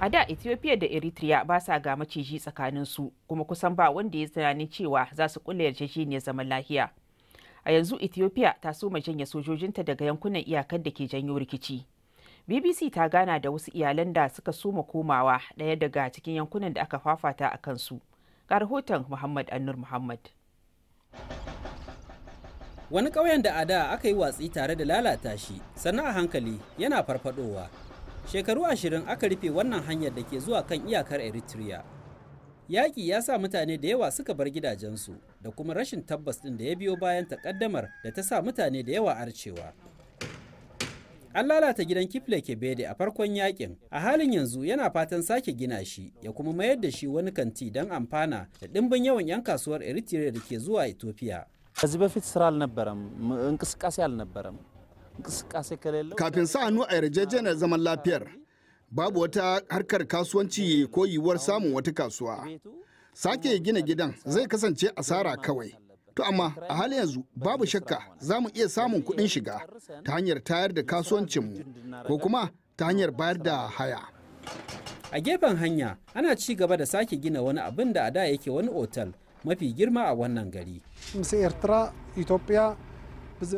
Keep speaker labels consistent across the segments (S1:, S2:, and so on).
S1: a da ethiopia da eritrea ba sa ga maciji tsakanin su kuma kusan ba wanda ya tunanin cewa za su kulle yarjejeniyar zaman lahiya a yanzu ethiopia ta soma janye sojojinta daga yankunan iyakar da ke janyo rikici bbc ta gana da wasu iyalan da suka soma komawa ɗaya daga cikin yankunan da aka fafata a kansu ga rahoton muhammad annur muhammad wani ƙauyen da a da aka yi watsi
S2: tare da lalata shi sannan a hankali yana farfadowa shekaru ashirin aka rufe wannan hanyar da ke zuwa kan iyakar eritrea yaƙi ya sa mutane da yawa suka bar gidajensu da kuma rashin tabbas ɗin da ya biyo bayan takaddamar da ta sa mutane da yawa arcewa an lalata gidan kifle kebede a farkon yakin a halin yanzu yana fatan sake gina shi ya kuma mayar da shi wani kanti don amfana da ɗimbin yawan 'yan kasuwar eritrea da ke zuwa ethiopia
S3: kafin sa hannu a yarjejeniyar zaman lafiyar babu wata harkar kasuwanci ko yiwuwar samun wata kasuwa sake gina gidan zai kasance asara kawai to amma a halin yanzu babu shakka za mu iya samun kudin shiga ta hanyar tayar da kasuwancinmu ko kuma ta hanyar bayar da haya
S2: a gefen hanya ana ci gaba da sake gina wani abin da a da yake wani otal mafi girma a wannan gari.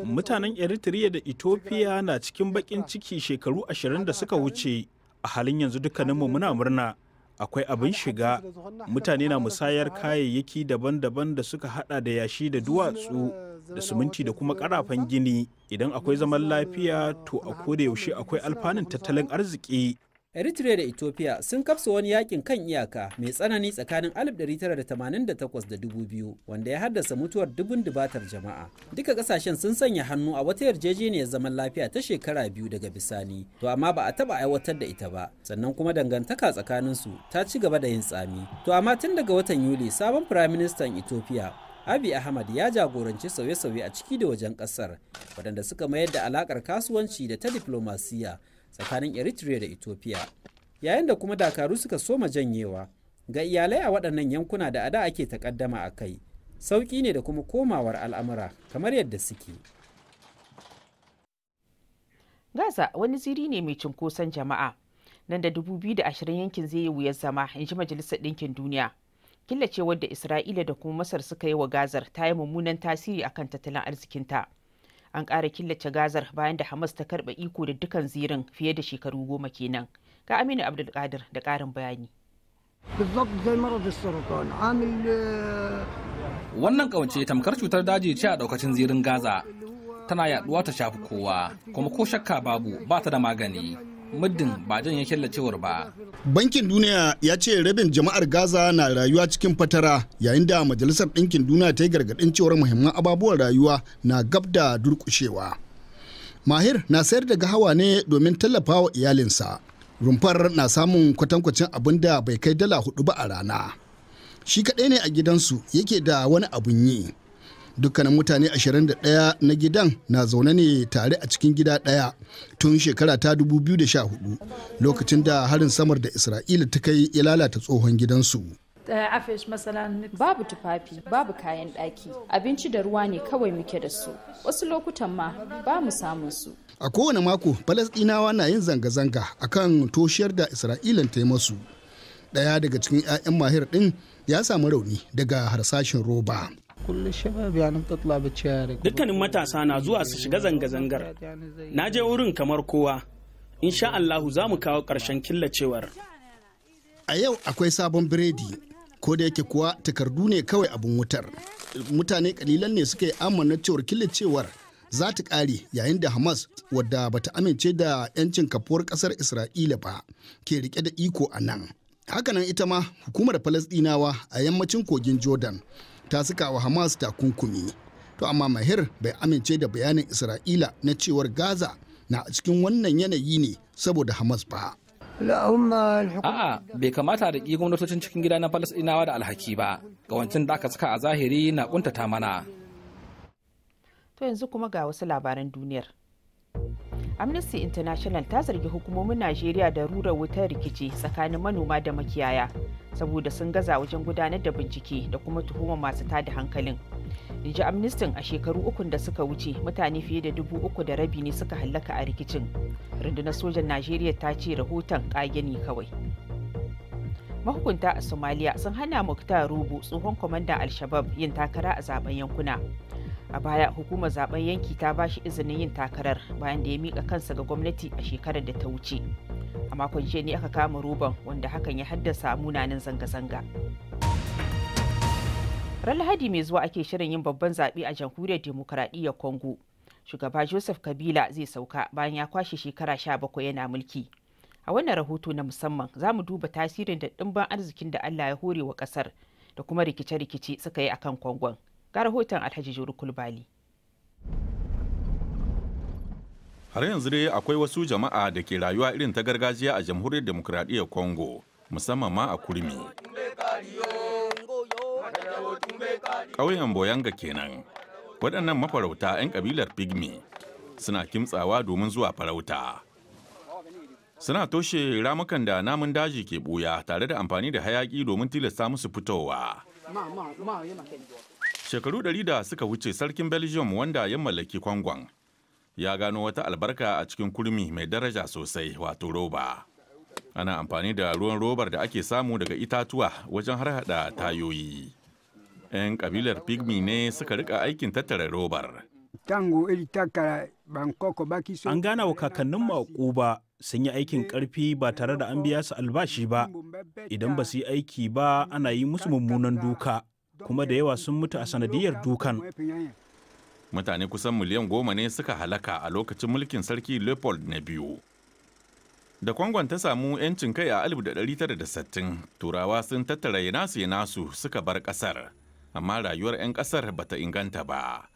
S2: mutanen eritrea da ethiopia na cikin bakin ciki shekaru ashirin da suka wuce a halin yanzu dukkaninmu muna murna akwai abin shiga mutane na musayar kayayyaki daban-daban da suka hada da yashi da duwatsu da suminti da kuma karafan gini idan akwai zaman lafiya to a koda yaushe akwai alfanun tattalin arziki Eritrea da Ethiopia sun kafsa wani yakin kan iyaka mai tsanani tsakanin 1988 da 2000 wanda ya haddasa mutuwar dubun dubatar jama'a. Duka kasashen sun sanya hannu a wata yarjejeniyar zaman lafiya ta shekara biyu daga bisani, to amma ba a taba aiwatar da ita ba. Sannan kuma dangantaka tsakanin su ta ci gaba da yin tsami. To amma tun daga watan Yuli sabon firaministan Ethiopia Abi Ahmad ya jagoranci sauye-sauye a ciki da wajen kasar, waɗanda suka mayar da alakar kasuwanci da ta diplomasiya tsakanin eritrea da ethiopia yayin da kuma dakaru suka soma janyewa ga iyalai a waɗannan yankuna da ada ake takaddama a
S1: kai sauƙi ne da kuma komawar al'amura kamar yadda suke gaza wani ziri ne mai cunkoson jama'a nan da 2020 yankin zai yi wuyar zama in ji majalisar ɗinkin duniya killacewar da isra'ila da kuma masar suka yi wa gazar ta yi mummunan tasiri akan tattalin arzikinta. an ƙara killace gazar bayan da hamas ta karɓa iko da dukan zirin fiye da shekaru goma kenan ga aminu abdulkadir da ƙarin bayani
S2: wannan kawance tamkar cutar daji ce a ɗaukacin zirin gaza tana yaduwa ta shafi kowa kuma ko shakka babu ba ta da magani muddin ba janye cewar ba.
S3: Bankin Duniya ya ce rabin jama'ar Gaza na rayuwa cikin fatara yayin da Majalisar Ɗinkin Duniya ta yi gargaɗin cewar muhimman ababuwan rayuwa na gab da durƙushewa. Mahir na sayar da gahawa ne domin tallafa wa iyalinsa. Rumfar na samun kwatankwacin abin da bai kai dala hudu ba a rana. Shi kaɗai ne a gidansu yake da wani abun yi. dukkanin mutane 21 na gidan na zaune ne tare a cikin gida ɗaya tun shekara ta 2014 lokacin da harin samar da isra'ila ta kai ya lalata tsohon gidansu
S1: babu tufafi babu kayan ɗaki abinci da ruwa ne kawai muke da su wasu lokutan ma ba mu samun su
S3: a kowane mako falasɗinawa na yin zanga-zanga akan toshiyar da isra'ilan ta yi masu ɗaya daga cikin 'ya'yan mahir ɗin ya samu rauni daga harsashin roba Dukkanin matasa na zuwa su shiga zanga-zangar. Na je wurin kamar kowa. Insha Allahu za mu kawo ƙarshen killacewar. A yau akwai sabon biredi, ko da yake kuwa takardu ne kawai abun wutar. Mutane kalilan ne suka yi amana cewar killacewar za ta ƙare yayin da Hamas wadda bata amince da 'yancin kafuwar ƙasar Isra'ila ba ke rike da iko a nan. Hakanan ita ma hukumar Falasɗinawa a yammacin kogin Jordan ta saka wa hamas takunkumi to amma mahir bai amince da bayanin isra'ila na cewar gaza na cikin wannan yanayi ne saboda hamas ba
S2: A'a bai kamata da ƙi gwamnatocin cikin gida na Falasɗinawa da alhaki ba, wancan da aka saka a zahiri na ƙuntata mana.
S1: To yanzu kuma ga wasu labaran duniyar. amnesty international ta zargi hukumomin najeriya da rura wutar rikici tsakanin manoma da makiyaya saboda sun gaza wajen gudanar da bincike da kuma tuhuma masu tada hankalin inji ji a shekaru ukun da suka wuce mutane fiye da dubu uku da rabi ne suka hallaka a rikicin rundunar sojan najeriya ta ce rahoton ƙage ne kawai mahukunta a somalia sun hana muktar rubu tsohon kwamandan al-shabab yin takara a zaben yankuna a baya hukumar zaben yanki ta bashi izinin yin takarar bayan da ya mika kansa ga gwamnati a shekarar da ta wuce a makon jiya ne aka kama roban wanda hakan ya haddasa munanan zanga-zanga ran lahadi mai zuwa ake shirin yin babban zaɓe a jamhuriyar demokuraɗiyyar congo shugaba joseph kabila zai sauka bayan ya kwashe shekara 17 yana mulki a wannan rahoto na musamman za mu duba tasirin da ɗimban arzikin da allah ya hore wa ƙasar da kuma rikice-rikice suka yi akan kongon ga rahoton alhaji jori kulbali
S4: har yanzu dai akwai wasu jama'a da ke rayuwa irin ta gargajiya a jamhuriyar demokuraɗiyyar congo musamman ma a kurmi ƙauyen boyanga kenan waɗannan mafarauta 'yan ƙabilar pygmy suna kimtsawa domin zuwa farauta suna toshe ramukan da namun daji ke ɓuya tare da amfani da hayaƙi domin tilasta musu fitowa Shekaru ɗari da suka wuce sarkin Belgium wanda ya mallaki kwangon ya gano wata albarka a cikin kurmi mai daraja sosai wato roba. Ana amfani da ruwan robar da ake samu daga itatuwa wajen harhaɗa tayoyi. 'Yan kabilar pygmy ne suka rika aikin tattara robar.
S2: An gana wa kakannin a Kuba sun yi aikin ƙarfi ba tare da an biya su albashi ba, idan ba su yi aiki ba ana yi musu mummunan duka. kuma da yawa sun mutu a sanadiyar dukan
S4: mutane kusan miliyan goma ne suka halaka a lokacin mulkin sarki leopold na biyu da kwangon ta samu 'yancin kai a 1960 turawa sun tattara nasu ya nasu suka bar kasar amma rayuwar 'yan kasar bata inganta ba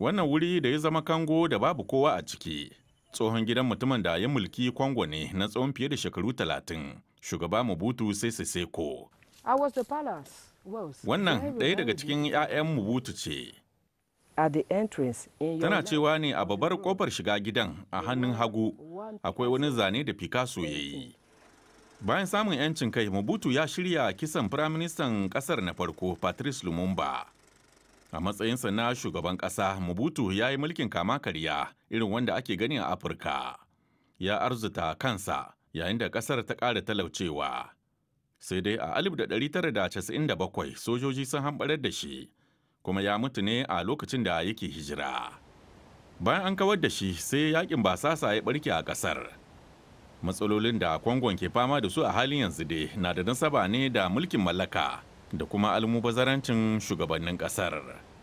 S4: wannan wuri da ya zama kango da babu kowa a ciki tsohon gidan mutumin da ya mulki kwango ne na tsawon fiye da shekaru 30 shugaba butu sai seko
S2: I ko. the palace. Wannan ɗaya daga
S4: cikin 'ya'yan Mubutu ce. Tana cewa ne a babar ƙofar shiga gidan a hannun hagu akwai wani zane da Picasso ya yi. Bayan samun 'yancin kai, mubutu ya shirya kisan firaministan ƙasar na farko Patrice Lumumba. A matsayinsa na shugaban ƙasa, mubutu ya yi mulkin kama karya irin wanda ake gani a Afirka. Ya arzuta kansa yayin da ƙasar ta ƙara talaucewa. sai dai a 1997 sojoji sun hambarar da shi kuma ya mutu ne a lokacin da yake hijira bayan an kawar da shi sai yakin basasa ya barke a ƙasar. matsalolin da kwangon ke fama da su a halin yanzu dai na da nasaba ne da mulkin mallaka da kuma almubazarancin shugabannin ƙasar.